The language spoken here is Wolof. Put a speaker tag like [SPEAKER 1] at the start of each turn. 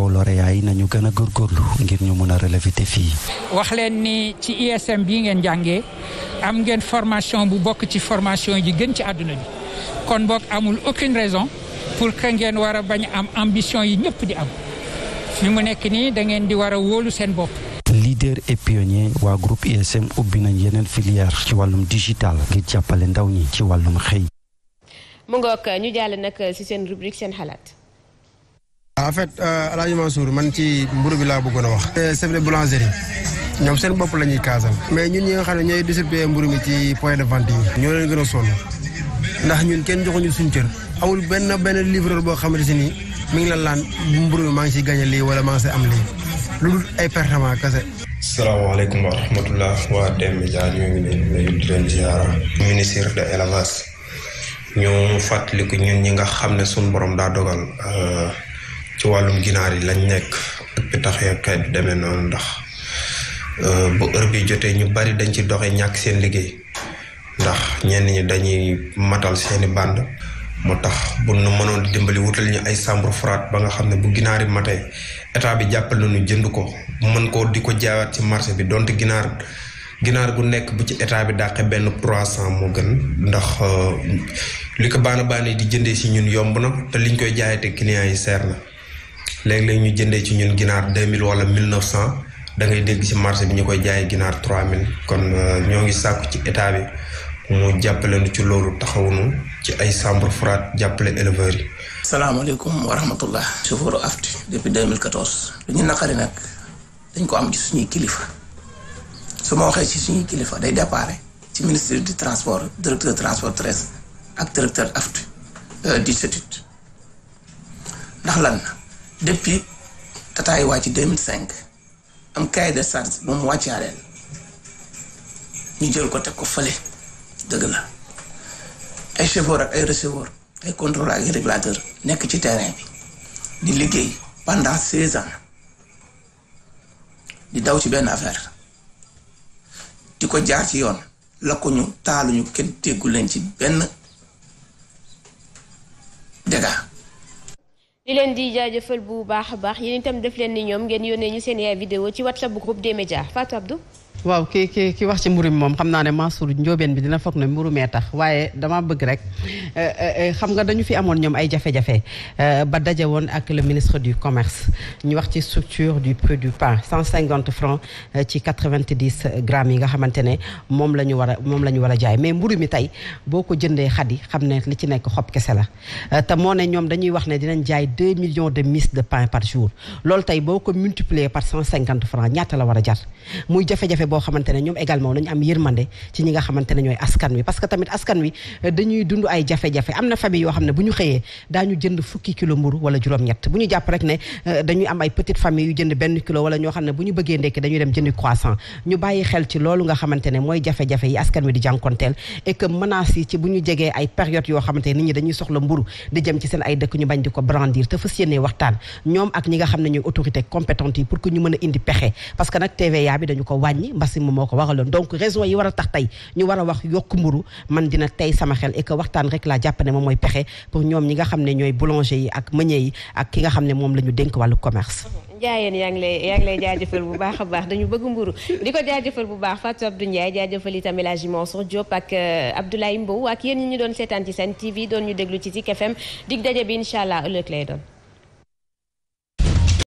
[SPEAKER 1] woo lauréats yi nañu gën a góorgóorlu ngir ñu mun a relever défi wax leen ni ci ISM bii ngeen jàngee am ngeen formation bu bokk ci formation yi gën ci àdduna bi kon boog amul aucune raison pour que ngeen war a bañ am ambition yi ñëpp di am fi mu nekk nii da ngeen di war a wóolu seen bopp. leader et pionnier waa groupe ISM ubbi nañ yeneen filière ci wàllum digital ngir jàppale ndaw ñi ci wàllum xëy.
[SPEAKER 2] seen rubrique seen xalaat.
[SPEAKER 1] en fait El euh, Hadj Mansour man ci mburu bi laa bëggoon a wax. Eh, chef de boulangerie ñoom seen bopp la ñuy kaasal. mais ñun ñi nga xam ne ñooy distribuer mburu mi ci point de vente yi. ñoo leen gën a sonn ndax ñun kenn joxuñu suñu cër. amul benn benn livreur boo xamante si mi ngi la laan mburu maa ngi siy gagné lii wala maa ngi am lu ay pertement kese. salaamaaleykum wa rahmatullah waa D-Media ñoo ngi leen di nuyu di leen ziara. ministre ñi nga xam ne suñu borom daa dogal. Euh, ci wàllum ginaar yi lañ nekk ak bi tax yokkaay bi demee noonu ndax euh, bu heure bi jotee ñu bari dañ ci doxe ñàkk seen liggéey ndax ñenn ñi dañuy matal seeni bànd moo tax bu nu mënoon di dimbali wutal ñu ay chambre froide ba nga xam ne bu ginaar yi matee état bi jàppal nañu jënd ko mën koo di ko jaayaat ci marché bi donte ginaar ginaar gu nekk bu ci état bi dàqe benn trois cent moo gën ndax euh, li ko baana baana yi di jëndee si ñun yomb na te liñ koy jaayate clients yi seer léegi léegi ñu jëndee ci ñun ginaar deux mille wala mille neuf cent da ngay dégg ci marché bi ñu koy jaayee ginaar trois mille kon euh, ñoo ngi sàkku ci état bi mu jàppale nu ci loolu taxawunu ci ay chambre froide jàppale éleveurs yi. salaamaaleykum wa rahmatullah. chauffeur AFTU depuis
[SPEAKER 3] 2014. lu ñu naqari nag dañ ko am ci suñuy kilifa su ma waxee ci suñuy kilifa day déparé ci ministre di transport directeur transport terrestre ak directeur AFTU euh, du statut ndax lan. depuis tataay wàcc 2005 am cahier de charge moom wàccaaleel ñu jël ko teg ko fële dëgg la ay chauffeur ak ay receveur ay contrôleur ak régulateur nekk ci terrain bi di liggéey pendant seize ans di daw ci benn affaire di ko jaar ci yoon lakkuñu taaluñu kenn déggu leen ci benn
[SPEAKER 2] dégât di leen di jaajëfal bu baax a baax yéen itam def leen ni ñoom ngeen yónnee ñu seen yaay vidéo ci whatsapp groupe des médias Fatou Abdou
[SPEAKER 4] waaw ki ki ki wax ci mburu mi moom xam naa ne Mansour njóobeen bi dina foog ne mburu mee tax waaye dama bëgg rek eh, eh, eh, xam nga dañu fi amoon ñoom ay jafe-jafe ba daje woon ak le ministre du commerce ñu wax ci structure du prix du pain 150 francs ci 90 grammes yi nga xamante ne moom la ñu war a moom la ñu war a jaay mais mburu mi tey boo ko jëndee xadi xam ne li ci nekk xob kese la te moo ne ñoom dañuy wax ne dinañ jaay 2 millions de miches de pain par jour loolu tey boo ko multiplier par 150 francs ñaata la war a jar boo xamante ne ñoom également nañu am yërmande ci ñi nga xamante ne ñooy askan wi parce que tamit askan wi euh, dañuy dund ay jafe-jafe am na famille yoo xam ne bu ñu xëyee daañu jënd fukki kilo mburu wala juróom bu ñu jàpp rek ne euh, dañuy am ay petite famille yu jënd benn kilo wala ñoo xam ne bu ñu bëggee ndekki dañuy dem jëndi croissant ñu bàyyi xel ci loolu nga xamante ne mooy jafe-jafe yi askan wi di jànkonteel et que ci bu ñu jegee ay période yoo xamante ne nit ñi dañuy soxla mburu di jëm ci seen ay dëkk ñu bañ di ko brandir te fas yéenee waxtaan ñoom ak ñi nga xam ne ñooy autorité compétente yi pour que ñu a indi pexe parce que nag TVA bi dañu ko mbasi mu moo ko waraloon donc raison yi war a tax tey ñu war a wax yokk mburu man dina tey sama xel et waxtaan rek laa jàpp ne moom mooy pexe pour ñoom ñi nga xam ne ñooy boulanger yi ak meunier yi ak ki nga xam ne moom la ñu dénk wàllu commerce
[SPEAKER 2] njaayeen yaa ngi lay yaa lay jaajëfal bu baax a baax dañu bëgg mburu di ko jaajëfal bu baax Fatou du Ndiaye jaajëfal itam El Hadji Mansour Diop ak euh, Abdoulaye Mbow ak yéen ñi ñu doon seetaan ci seen TV doon ñu déglu ci Zik FM dig daje bi incha allah ëllëg lay doon